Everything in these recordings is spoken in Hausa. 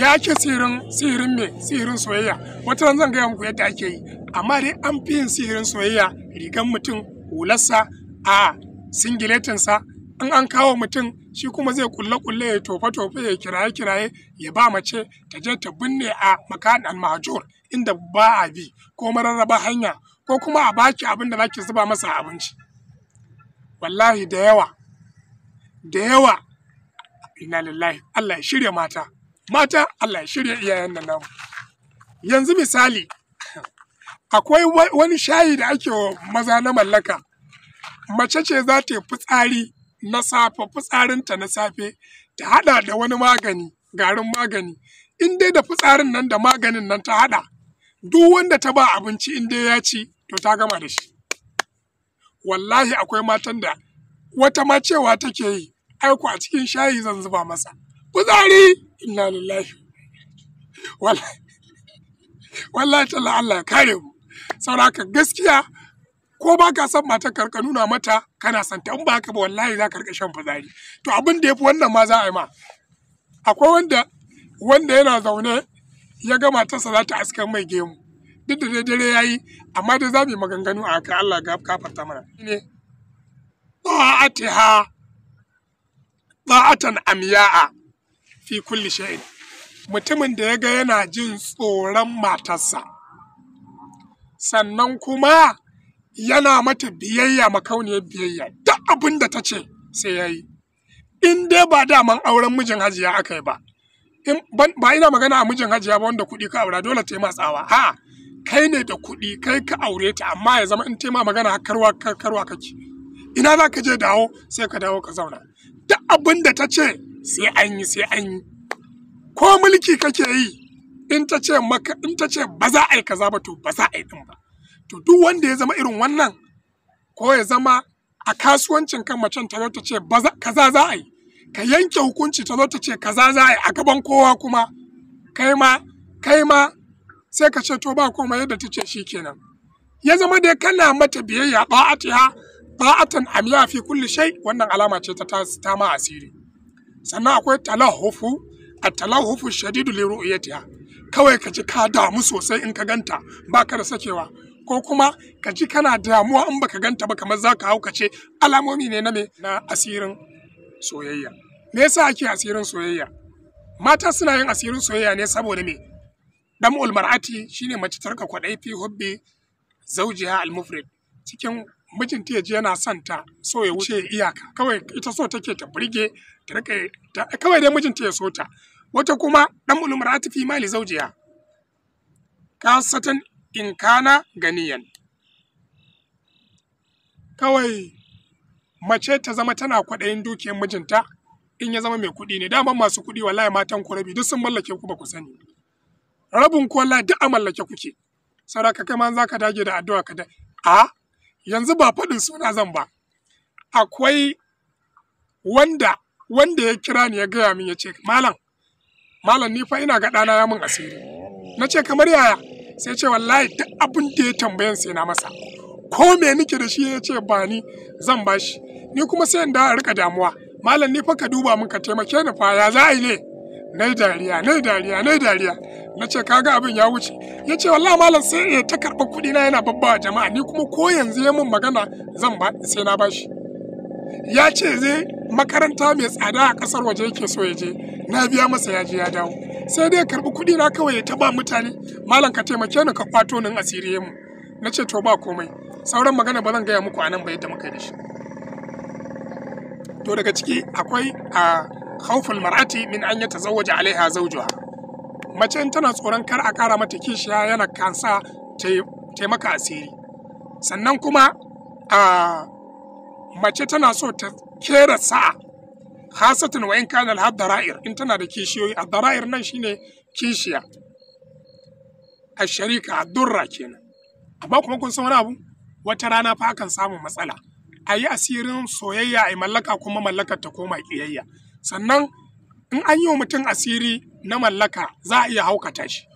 ya ke tsirin tsirin me tsirin soyayya wata zan gaya muku yadda ake yi amma dai an fi yin sihirin soyayya rigan mutum hularsa a singiletinsa in an kawo mutum shi kuma zai kulle kulle ya tofe tofe ya kiraye kiraye ya ba mace ta je ta binne a makaɗan inda ba a bi ko mararraba hanya ko kuma a baki abin da zaki zuba masa abinci wallahi da yawa da yawa inna lillahi Allah ya shirya mata mata Allah ya shirya iyayen nan namu yanzu misali akwai wani shayi da ake wa maza na mallaka mace ce za ta yi fitsari na safe fitsarinta na safe ta hada da wani magani garin magani in dai da fitsarin nan da maganin nan ta hada duk wanda ta ba abinci in dai ya ci to ta gama da shi wallahi akwai matan da wata ma cewa take yi aiko a cikin shayi zan zuba masa fitsari inna lillahi wallahi ta Allah ya kare mu saboda gaskiya ko ba ka son mata karka nuna mata kana san ta in ba haka ba wallahi za ka rika shan fazari to abin da yafi wannan ma za a yi ma akwai wanda wanda yana zaune ya ga matarsa za ta askan mai gemu duk da dare ya yi amma da za mu yi maganganu a haka Allah ga kafarta mana ne ta'atiha ta'atan amya'a fi kulli mutumin da ya ga yana jin tsoron matarsa sannan kuma yana mata biyayya makauniyar biyayya duk abin da ta ce sai ya yi in dai ba daman auren mijin hajiya aka yi ba ba ina magana a mijin hajiya ba wanda kuɗi ka aura dole ta yi matsawa Ha, kai ne da kuɗi kai ka aure ta amma ya zama in ta magana karwa karwa kake ina za ka je dawo sai ka dawo ka zauna duk abin da ta ce sai an yi sai an yi ko mulki kake yi in ta ce maka in ta ce ba za a yi kaza ba to ba za a yi din ba to duk wanda ya zama irin wannan ko ya zama a kasuwancin kan macen ta zo ta ce kaza za a yi ka yanke hukunci ta zo ta ce kaza za a yi a gaban kowa kuma kai ma kai ma sai ka ce to ba komai yadda ta ce shikenan ya zama dai kana mata biyayya ba'atiha ba'atan amiya fi kulli shay wannan alama ce ta ta ma asiri sannan akwai talahufu a talahufu shadidu li ru'yatiha kawai ka ji ka damu sosai in ka ganta ba ka da sakewa ko kuma ka ji kana damuwa in baka ganta ba kamar za ka hau ka ce alamomi ne na me na asirin soyayya me yasa ake asirin soyayya mata suna yin asirin soyayya ne saboda me dan ulmar'ati shine mace tarka kwadai fi hubbi zawjiha al-mufrid cikin mijinta ya ji yana son ta so ya wuce iyaka kawai ita so take ta burge ta rika kawai dai mijinta ya so ta wata kuma dan mulmurati fi mali zawjiya kasatan in kana ganiyan kawai mace ta zama tana kwaɗayin dukiyar mijinta in ya zama mai kuɗi ne daman masu kuɗi wallahi matan ku rabi duk sun mallake ku ba ku sani rabin ku wallahi duk a mallake kuke saboda ka kai ma za ka dage da addu'a ka da a yanzu ba faɗin suna zan ba akwai wanda wanda ya kira ni ya gaya min ya ce malam malam ni fa ina ga ɗana ya min asiri na ce kamar yaya sai ce wallahi duk abin da ya tambayan sai na masa ko me nake da shi ya ce ba ni zan ba shi? ni kuma sai in da rika damuwa malam ni fa ka duba min ka taimake ni fa ya za a yi ne nai dariya nai dariya nai dariya na ce kaga abin ya wuce ya ce wallahi malam sai ya eh, ta karɓa kuɗi na yana a jama'a ni kuma ko yanzu ya mun magana zan ba sai na bashi ya ce zai makaranta mai tsada a ƙasar waje yake so ya je na biya masa ya je ya dawo sai dai karɓi kuɗi na kawai ya taɓa mutane malam ka taimake ni ka kwato nan asiri mu na ce to ba komai sauran magana ba zan gaya muku a nan ba yadda muka da shi to daga ciki akwai a ah, khawful mar'ati min an yatazawwaja alaiha zawjuha mace tana tsoron kar a kara mata kishiya yana kansa taimaka asiri sannan kuma a mace tana so ta kera sa'a hasatan wa in kana al dara'ir in tana da kishiyoyi a dara'ir nan shine kishiya a sharika a durra kenan amma kuma kun san wani abu wata rana fa akan samun matsala a yi asirin soyayya a mallaka kuma mallakar ta koma ƙiyayya sannan in an yi wa mutum asiri na mallaka za a iya haukata shi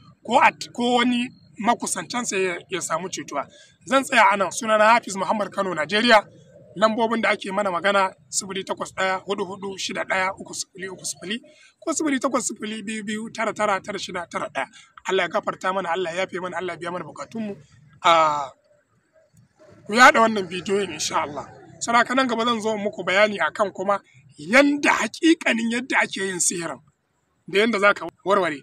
ko wani makusantansa ya samu cutuwa zan tsaya suna na hafiz muhammad kano najeriya lambobin da ake mana magana sifili takwas ɗaya hudu hudu shida ɗaya uku sifili uku sifili ko sifili takwas sifili biyu biyu tara tara tara shida tara ɗaya Allah ya gafarta mana Allah ya yafe mana Allah ya biya mana bukatunmu a ku yaɗa wannan bidiyon insha Allah. Saraka nan gaba zan zo muku bayani akan kuma yanda hakikanin yadda ake yin sihirin da yadda za ka warware